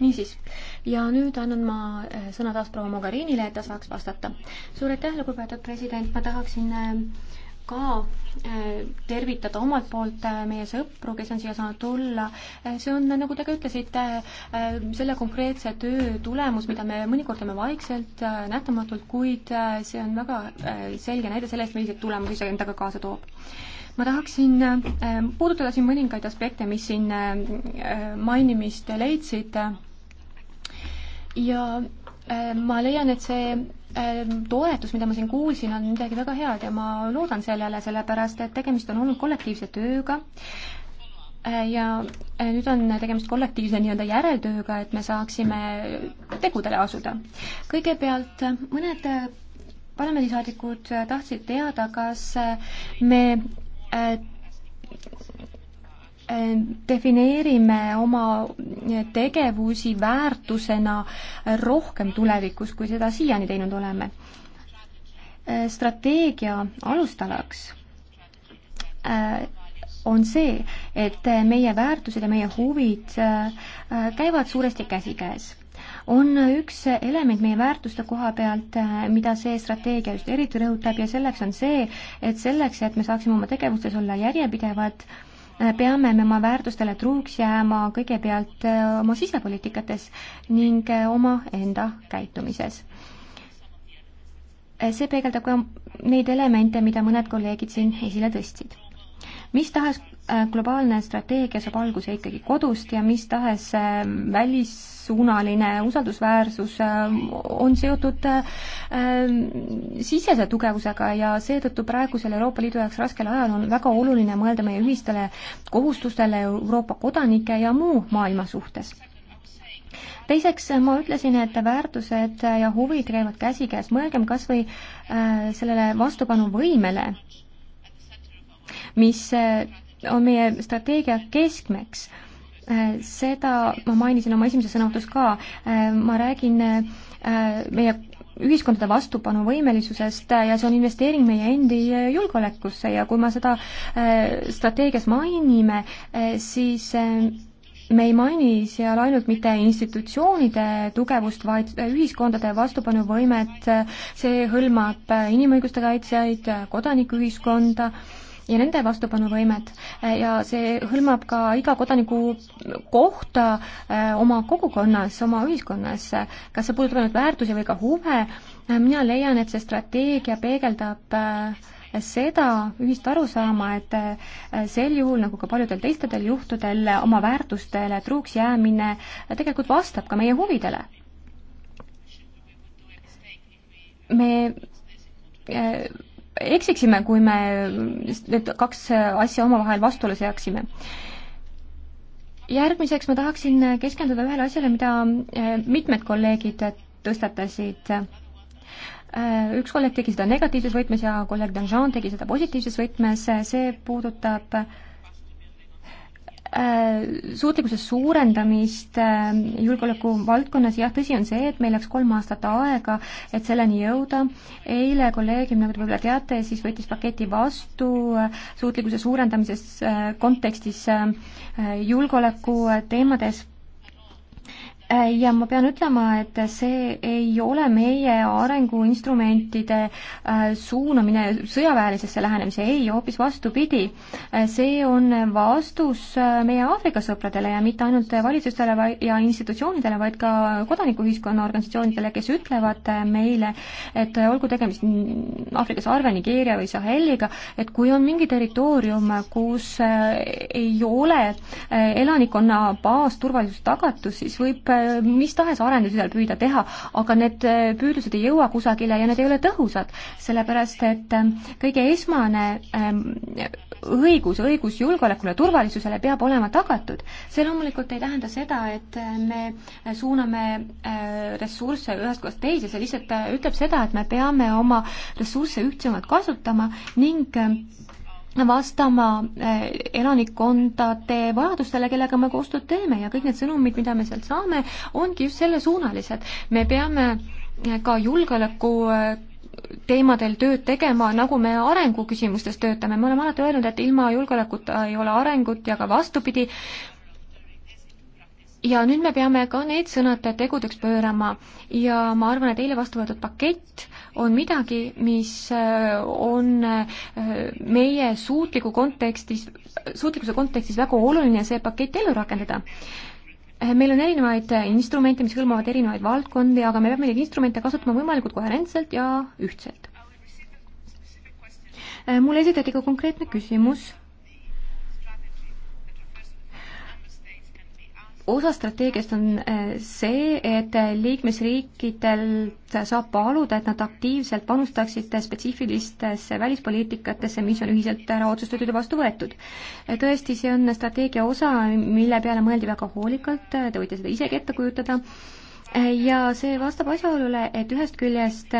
niisiis, ja nüüd annan ma äh, sõna taas proua Mogherinile, et ta saaks vastata. suur aitäh, lugupeetud president, ma tahaksin äh, ka äh, tervitada omalt poolt meie sõpru, kes on siia saanud tulla. see on, nagu te ka ütlesite, selle konkreetse töö tulemus, mida me mõnikord teeme vaikselt, nähtamatult, kuid see on väga selge näide selle eest, milliseid tulemusi see endaga kaasa toob ma tahaksin ähm, puudutada siin mõningaid aspekte, mis siin äh, mainimist leidsid ja äh, ma leian, et see ähm, toetus, mida ma siin kuulsin, on midagi väga head ja ma loodan sellele, sellepärast et tegemist on olnud kollektiivse tööga äh, ja nüüd on tegemist kollektiivse nii-öelda järeltööga, et me saaksime tegudele asuda. kõigepealt mõned parlamendisaadikud tahtsid teada, kas me Äh, äh, defineerime oma tegevusi väärtusena rohkem tulevikus, kui seda siiani teinud oleme. Äh, strateegia alustalaks on see, et meie väärtused ja meie huvid käivad suuresti käsikäes on üks element meie väärtuste koha pealt, mida see strateegia just eriti rõhutab ja selleks on see, et selleks, et me saaksime oma tegevustes olla järjepidevad, peame me oma väärtustele truuks jääma kõigepealt eh, oma sisepoliitikates ning eh, omaenda käitumises. Eh, see peegeldab ka neid elemente, mida mõned kolleegid siin esile tõstsid mis tahes äh, globaalne strateegia saab alguse ikkagi kodust ja mis tahes äh, välissuunaline usaldusväärsus äh, on seotud sisese tugevusega ja seetõttu praegusel Euroopa Liidu jaoks raskel ajal on väga oluline mõelda meie ühistele kohustustele Euroopa kodanike ja muu maailma suhtes teiseks ma ütlesin, et väärtused ja huvid käivad käsikäes, mõelgem kas või sellele vastupanuvõimele, mis eh, on meie strateegia keskmeks. Eh, seda ma mainisin oma esimeses sõnavõtus ka, eh, ma räägin meie ühiskondade vastupanuvõimelisusest ja see on investeering meie endi julgeolekusse ja kui me seda strateegias mainime, siis me ei maini seal ainult mitte institutsioonide tugevust, vaid ühiskondade vastupanuvõimet, see hõlmab inimõiguste kaitsjaid, kodanikuühiskonda äh,, ja nende vastupanuvõimet ja see hõlmab ka iga kodaniku kohta äh, oma kogukonnas, oma ühiskonnas, kas see puudutab ainult väärtusi või ka huve, äh, mina leian, et see strateegia peegeldab äh, seda ühist arusaama, et sel juhul, nagu ka paljudel teistedel juhtudel, oma väärtustele truuks jäämine tegelikult vastab ka meie huvidele. me eksiksime, kui me need kaks asja omavahel vastuolu seaksime. järgmiseks ma tahaksin keskenduda ühele asjale, mida eh, mitmed kolleegid tõstatasid. Eh, üks kolleeg tegi seda negatiivses võtmes ja kolleeg Danjean tegi seda positiivses võtmes, see puudutab äh, Äh, suutlikkuse suurendamist äh, julgeoleku valdkonnas, jah, tõsi on see, et meil läks kolm aastat aega, et selleni jõuda. eile kolleegium, nagu te võib-olla teate, siis võttis paketi vastu äh, suutlikkuse suurendamises kontekstis julgeoleku teemades ja ma pean ütlema, et see ei ole meie arenguinstrumentide äh, suunamine sõjaväelisesse lähenemise, ei, hoopis vastupidi. Äh, see on vastus äh, meie Aafrika sõpradele ja mitte ainult valitsustele ja institutsioonidele, vaid ka kodanikuühiskonna organisatsioonidele, kes ütlevad meile, et olgu tegemist Aafrika sarve, Nigeeria või Saheliga, et kui on mingi territoorium, kus ei ole elanikkonna baasturvalisust tagatud, siis võib Äh, mis tahes arendusi seal püüda teha, aga need äh, püüdlused ei jõua kusagile ja need ei ole tõhusad, sellepärast et ähm, kõige esmane ähm, õigus, õigus julgeolekule, turvalisusele peab olema tagatud. see loomulikult ei tähenda seda, et äh, me suuname ressursse ühest kohast teise, see lihtsalt ütleb seda, et me peame oma ressursse ühtsemalt kasutama ning ähm, vastama eh, elanikkondade vajadustele, kellega me koostööd teeme ja kõik need sõnumid, mida me sealt saame, ongi just sellesuunalised. me peame eh, ka julgeoleku eh, teemadel tööd tegema, nagu me arenguküsimustes töötame, me oleme alati öelnud, et ilma julgeolekuta ei ole arengut ja ka vastupidi, ja nüüd me peame ka need sõnad tegudeks pöörama ja ma arvan, et eile vastu võetud pakett on midagi, mis äh, on äh, meie suutliku kontekstis, suutlikkuse kontekstis väga oluline see pakett ellu rakendada. Äh, meil on erinevaid instrumente, mis hõlmavad erinevaid valdkondi, aga me peame neid instrumente kasutama võimalikult koherentselt ja ühtselt. mulle esitati ka konkreetne küsimus osa strateegiast on äh, see, et äh, liikmesriikidelt saab paluda, et nad aktiivselt panustaksid äh, spetsiifilistesse välispoliitikatesse, mis on ühiselt ära otsustatud ja vastu võetud. tõesti, see on strateegia osa, mille peale mõeldi väga hoolikalt, te võite seda isegi ette kujutada ja see vastab asjaolule, et ühest küljest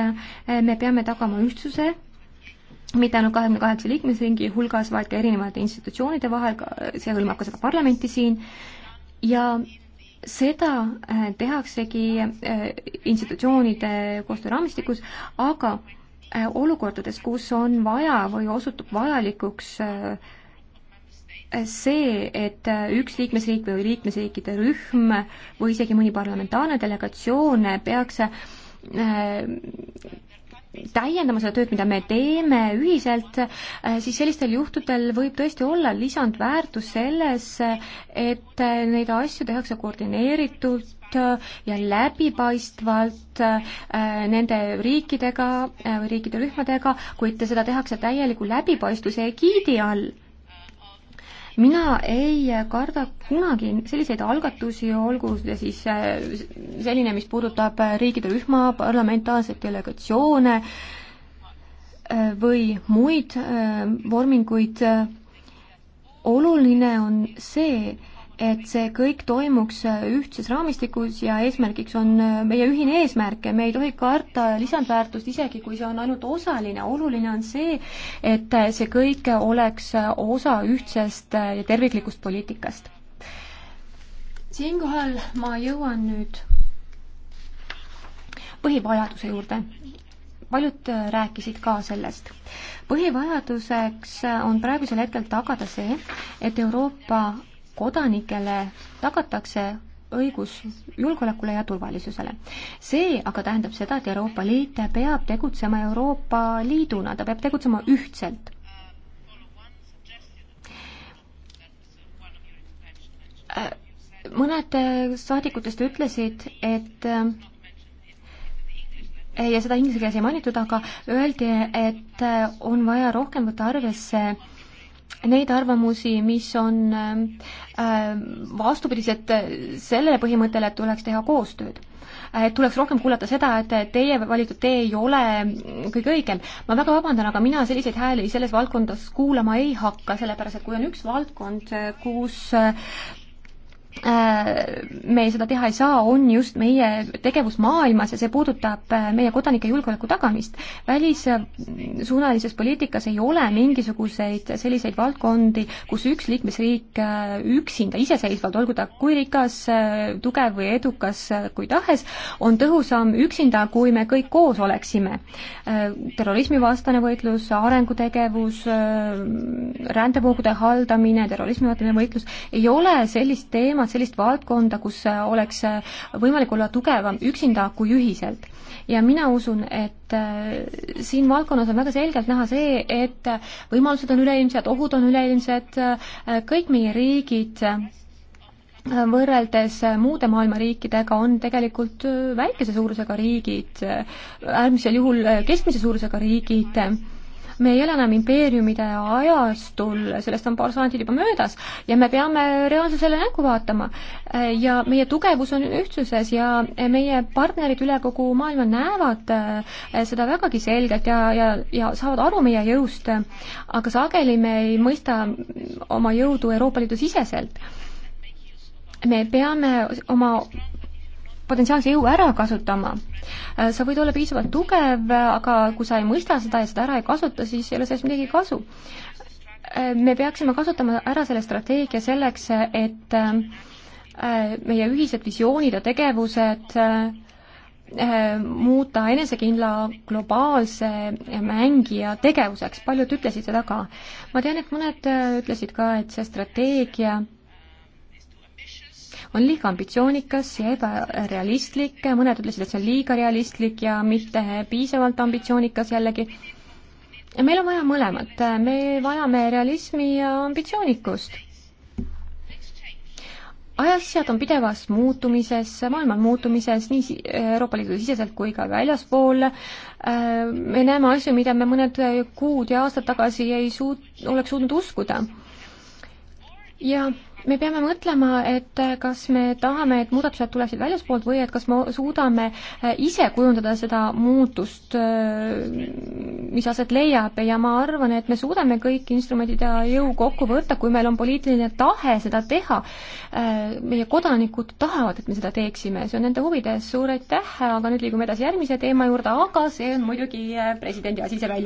me peame tagama ühtsuse mitte ainult kahekümne kaheksa liikmesringi hulgas, vaid ka erinevate institutsioonide vahel, see hõlmab ka seda parlamenti siin, ja seda äh, tehaksegi äh, institutsioonide koostööraamistikus, aga äh, olukordades, kus on vaja või osutub vajalikuks see, et üks liikmesriik või liikmesriikide rühm või isegi mõni parlamentaarne delegatsioon peaks täiendama seda tööd, mida me teeme ühiselt, äh, siis sellistel juhtudel võib tõesti olla lisandväärtus selles, et neid asju tehakse koordineeritult, ja läbipaistvalt äh, nende riikidega äh, või riikide rühmadega, kuid seda tehakse täieliku läbipaistvuse egiidi all mina ei karda kunagi selliseid algatusi, olgu see siis äh, selline, mis puudutab riikide rühma, parlamentaarseid delegatsioone äh, või muid äh, vorminguid. oluline on see, et see kõik toimuks ühtses raamistikus ja eesmärgiks on meie ühine eesmärk ja me ei tohi karta lisandväärtust, isegi kui see on ainult osaline, oluline on see, et see kõik oleks osa ühtsest ja terviklikust poliitikast. siinkohal ma jõuan nüüd põhivajaduse juurde paljud rääkisid ka sellest. põhivajaduseks on praegusel hetkel tagada see, et Euroopa kodanikele tagatakse õigus julgeolekule ja turvalisusele. see aga tähendab seda, et Euroopa Liit peab tegutsema Euroopa Liiduna, ta peab tegutsema ühtselt. mõned saadikutest ütlesid, et ja seda inglise keeles ei mainitud, aga öeldi, et on vaja rohkem võtta arvesse neid arvamusi, mis on äh, vastupidised sellele põhimõttele, et tuleks teha koostööd. et tuleks rohkem kuulata seda, et teie valitud tee ei ole kõige õigem. ma väga vabandan, aga mina selliseid hääli selles valdkondas kuulama ei hakka, sellepärast et kui on üks valdkond, kus Äh, me seda teha ei saa, on just meie tegevus maailmas ja see puudutab äh, meie kodanike julgeoleku tagamist. välissuunalises poliitikas ei ole mingisuguseid selliseid valdkondi, kus üks liikmesriik äh, üksinda, iseseisvalt, olgu ta kui rikas, tugev või edukas kui tahes, on tõhusam üksinda, kui me kõik koos oleksime. terrorismivastane võitlus, arengutegevus, rändevoogude haldamine, terrorismivastane võitlus, ei ole sellist teemat, vajavad sellist valdkonda, kus äh, oleks äh, võimalik olla tugevam üksinda kui ühiselt. ja mina usun, et äh, siin valdkonnas on väga selgelt näha see, et võimalused on üleilmsed, ohud on üleilmsed, kõik meie riigid võrreldes muude maailma riikidega on tegelikult väikese suurusega riigid, äärmisel juhul keskmise suurusega riigid me ei ela enam impeeriumide ajastul, sellest on paar sajandit juba möödas, ja me peame reaalsusele näkku vaatama. ja meie tugevus on ühtsuses ja meie partnerid üle kogu maailma näevad eh, seda vägagi selgelt ja, ja, ja saavad aru meie jõust, aga sageli me ei mõista oma jõudu Euroopa Liidu siseselt me peame oma potentsiaalse jõu ära kasutama. Äh, sa võid olla piisavalt tugev, aga kui sa ei mõista seda ja seda ära ei kasuta, siis ei ole sellest midagi kasu. Äh, me peaksime kasutama ära selle strateegia selleks, et äh, meie ühised visioonid ja tegevused muuta enesekindla globaalse mängija tegevuseks, paljud ütlesid seda ka. ma tean, et mõned ütlesid ka, et see strateegia on liiga ambitsioonikas ja ebarealistlik, mõned ütlesid, et see on liiga realistlik ja mitte piisavalt ambitsioonikas jällegi. meil on vaja mõlemat, me vajame realismi ja ambitsioonikust. asjad on pidevas muutumises, maailm on muutumises nii Euroopa Liidu siseselt kui ka väljaspool. me näeme asju, mida me mõned kuud ja aastad tagasi ei suut-, oleks suutnud uskuda ja me peame mõtlema, et eh, kas me tahame, et muudatused tuleksid väljaspoolt või et kas me suudame eh, ise kujundada seda muutust, eh, mis aset leiab ja ma arvan, et me suudame kõik instrumendid ja jõu kokku võtta, kui meil on poliitiline tahe seda teha. meie kodanikud tahavad, et me seda teeksime, see on nende huvides, suur aitäh, aga nüüd liigume edasi järgmise teema juurde, aga see on muidugi presidendi asi, see välja.